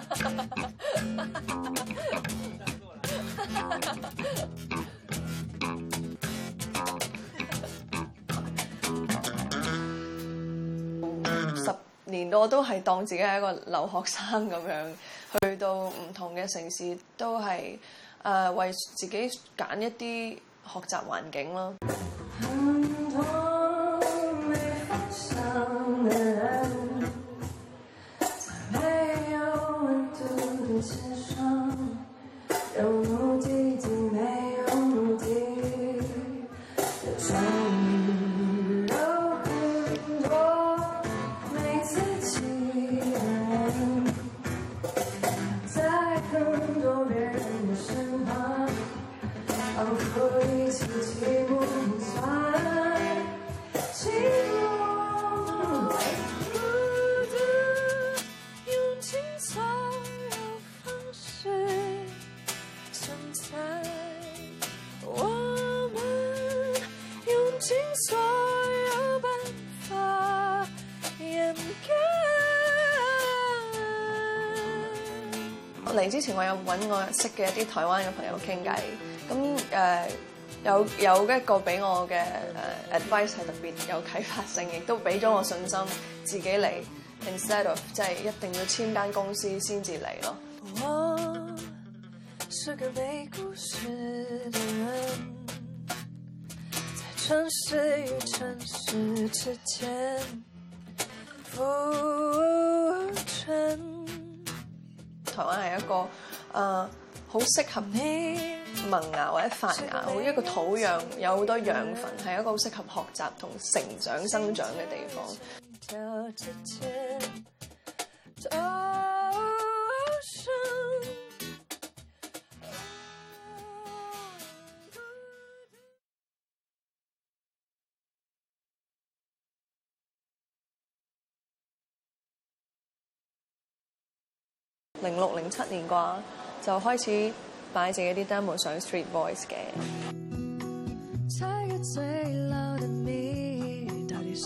十年多都係當自己係一個留學生咁樣，去到唔同嘅城市都係誒，為自己揀一啲學習環境咯。嗯搵我識嘅一啲台灣嘅朋友傾偈，咁、uh, 有有一個俾我嘅誒、uh, advice 係特別有啟發性，亦都俾咗我信心自己嚟，instead of 即係一定要簽間公司先至嚟咯。我是個背故事的人，在城市與城市之間浮沉。台灣係一個。誒、uh, 好適合萌芽或者發芽，好一個土壤，有好多養分，係一個好適合學習同成長、生長嘅地方。零六零七年啩，就開始擺自己啲 demo 上 Street Voice 嘅。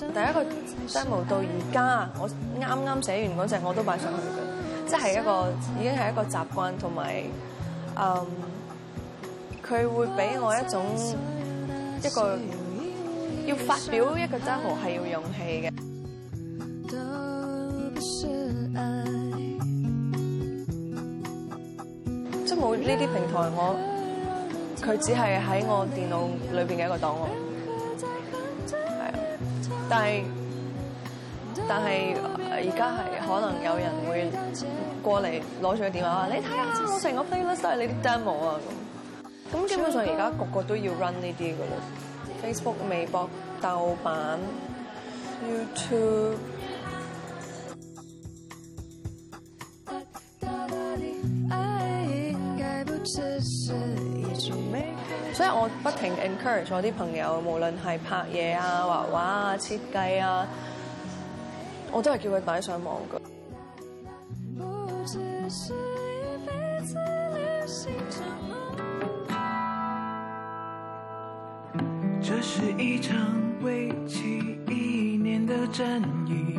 第一個 demo 到而家，我啱啱寫完嗰隻我都擺上去嘅，即係一個已經係一個習慣同埋，嗯，佢會俾我一種一個要發表一個 demo 係要勇氣嘅。即冇呢啲平台，我佢只係喺我電腦裏邊嘅一個檔案，係啊。但係但係而家係可能有人會過嚟攞住個電話話：你睇下，我成個 playlist 都係你啲 demo 啊咁。咁基本上而家個個都要 run 呢啲嘅啦，Facebook、微博、豆瓣、YouTube。不停 encourage 我啲朋友，無論係拍嘢啊、畫畫啊、設計啊，我都係叫佢擺上網㗎。這是一場為期一年嘅戰役。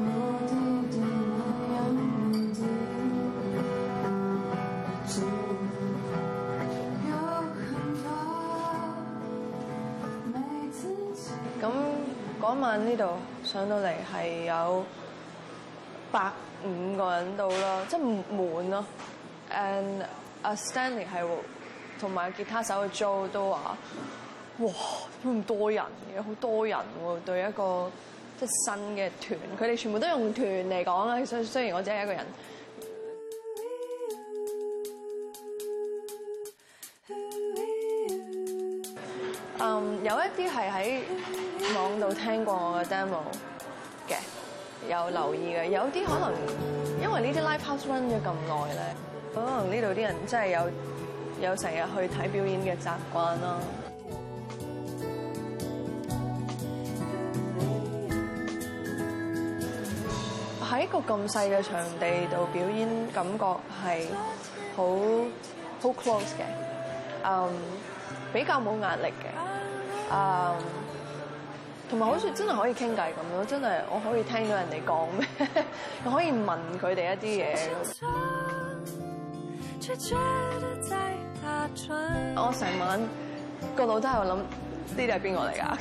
今晚呢度上到嚟係有百五個人到啦，即係唔滿咯。And，阿 Stanley 係同埋吉他手嘅 Joe 都話，哇，咁多人嘅，好多人，啊，對一個即係新嘅團，佢哋全部都用團嚟講啦。雖雖然我只係一個人。嗯、um,，有一啲係喺網度聽過我嘅 demo 嘅，有留意嘅。有啲可能因為呢啲 live house run 咗咁耐咧，可能呢度啲人真係有有成日去睇表演嘅習慣咯。喺個咁細嘅場地度表演，感覺係好好 close 嘅。嗯，um, 比較冇壓力嘅。誒、嗯，同埋好似真係可以傾偈咁咯，真係我可以聽到人哋講咩，我可以問佢哋一啲嘢。我成晚個腦都喺度諗呢啲係邊個嚟㗎？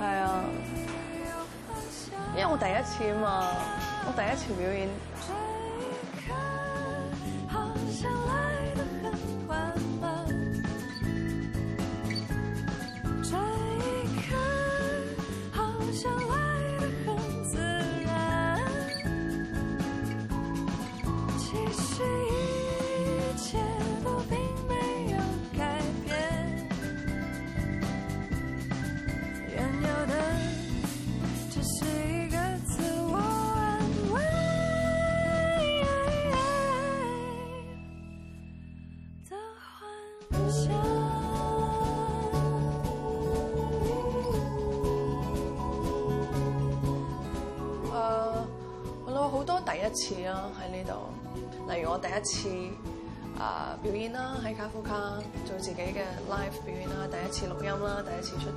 係 啊，因為我第一次啊嘛，我第一次表演。次咯喺呢度，例如我第一次啊、呃、表演啦、啊，喺卡夫卡做自己嘅 live 表演啦、啊，第一次錄音啦、啊，第一次出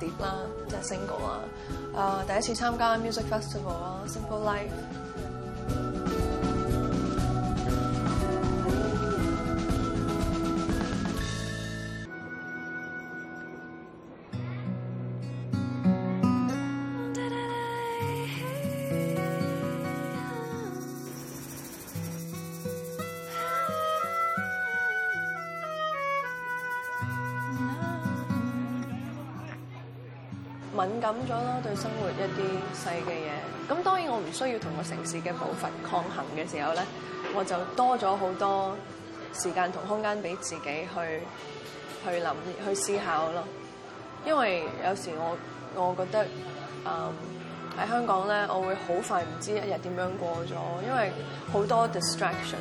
碟啦、啊，即、就、係、是、single 啊、呃、第一次參加 music festival 啊，Simple Life。敏感咗咯，對生活一啲細嘅嘢。咁當然我唔需要同個城市嘅步伐抗衡嘅時候咧，我就多咗好多時間同空間俾自己去去諗去思考咯。因為有時我我覺得喺、嗯、香港咧，我會好快唔知一日點樣過咗，因為好多 distraction。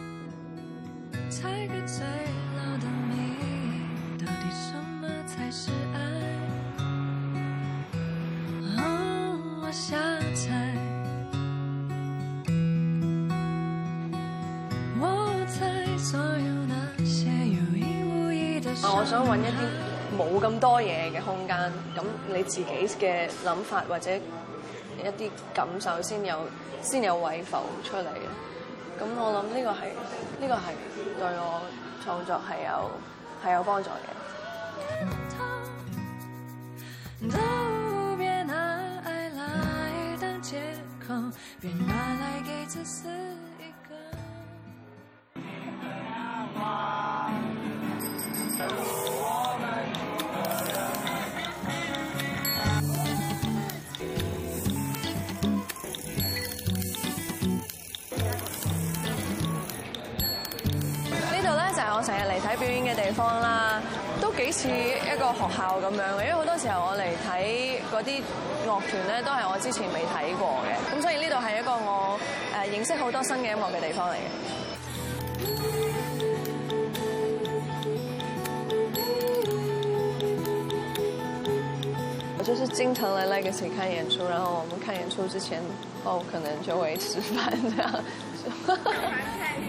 猜個我想揾一啲冇咁多嘢嘅空間，咁你自己嘅諗法或者一啲感受先有先有位浮出嚟嘅，咁我諗呢個係呢個係對我創作係有係有幫助嘅。嗯借口便拿呢度呢，就係我成日嚟睇表演嘅地方啦。都幾似一個學校咁樣嘅，因為好多時候我嚟睇嗰啲樂團咧，都係我之前未睇過嘅，咁所以呢度係一個我誒認識好多新嘅音樂嘅地方嚟嘅。我就是經常來 Legacy 看演出，然後我們看演出之前後可能就會吃飯這樣。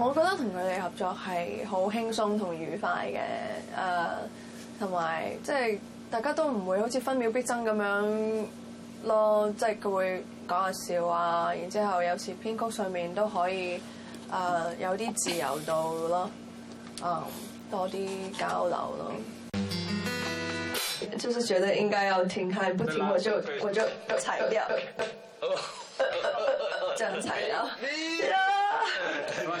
我覺得同佢哋合作係好輕鬆同愉快嘅，誒、呃，同埋即係大家都唔會好似分秒必爭咁樣咯，即係佢會講下笑啊，然之後有時編曲上面都可以誒、呃、有啲自由度咯，誒、呃、多啲交流咯。 就是覺得應該要停佢不停，我就我就踩掉， 這樣踩掉。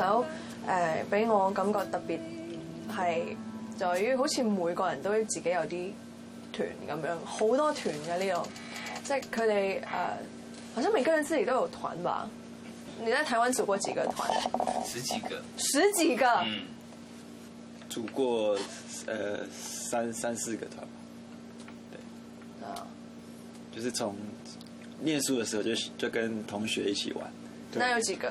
就誒俾我感覺特別係在於好似每個人都自己有啲團咁樣，好多團嘅呢度。即係佢哋誒，好像每個人自己都有團吧？你在台灣組過幾個團？十幾個。十幾個？嗯。組過誒、呃、三三四個團，對。啊。就是從念書的時候就就跟同學一起玩，對。那有幾個？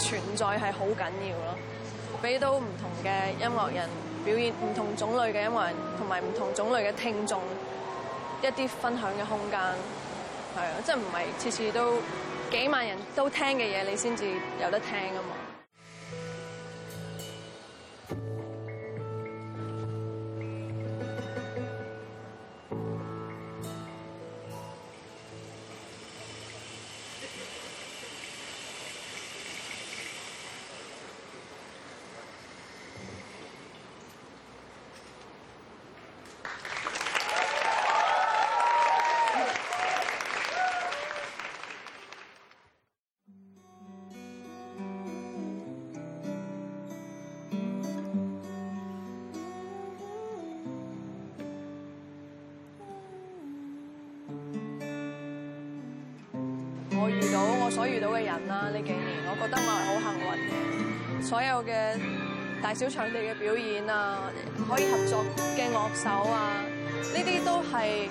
存在係好緊要咯，俾到唔同嘅音樂人表演唔同種類嘅音樂人，同埋唔同種類嘅聽眾一啲分享嘅空間，係啊，即係唔係次次都幾萬人都聽嘅嘢，你先至有得聽啊嘛～所遇到嘅人啦，呢幾年我覺得我係好幸運嘅，所有嘅大小場地嘅表演啊，可以合作嘅樂手啊，呢啲都係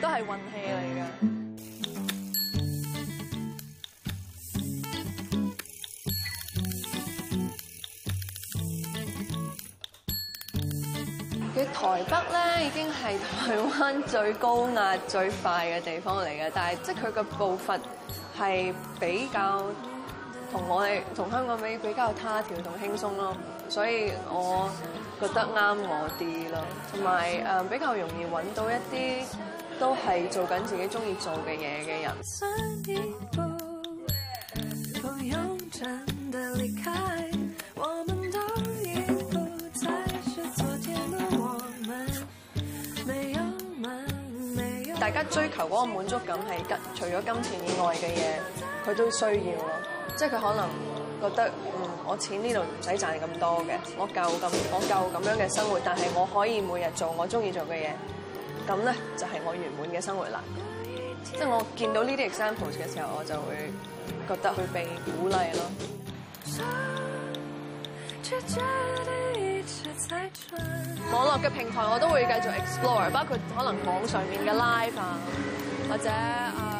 都係運氣嚟嘅。其實台北咧已經係台灣最高壓最快嘅地方嚟嘅，但係即係佢嘅步伐。係比較同我哋同香港比，比較他條同輕鬆咯，所以我覺得啱我啲咯，同埋誒比較容易揾到一啲都係做緊自己鍾意做嘅嘢嘅人。追求嗰個滿足感係金，除咗金錢以外嘅嘢，佢都需要咯。即係佢可能覺得，嗯，我錢呢度唔使賺咁多嘅，我夠咁，我夠咁樣嘅生活，但係我可以每日做我中意做嘅嘢，咁咧就係、是、我圓滿嘅生活啦。即係我見到呢啲 examples 嘅時候，我就會覺得佢被鼓勵咯。 網絡嘅平台我都會繼續 explore，包括可能網上面嘅 live 啊，或者啊。呃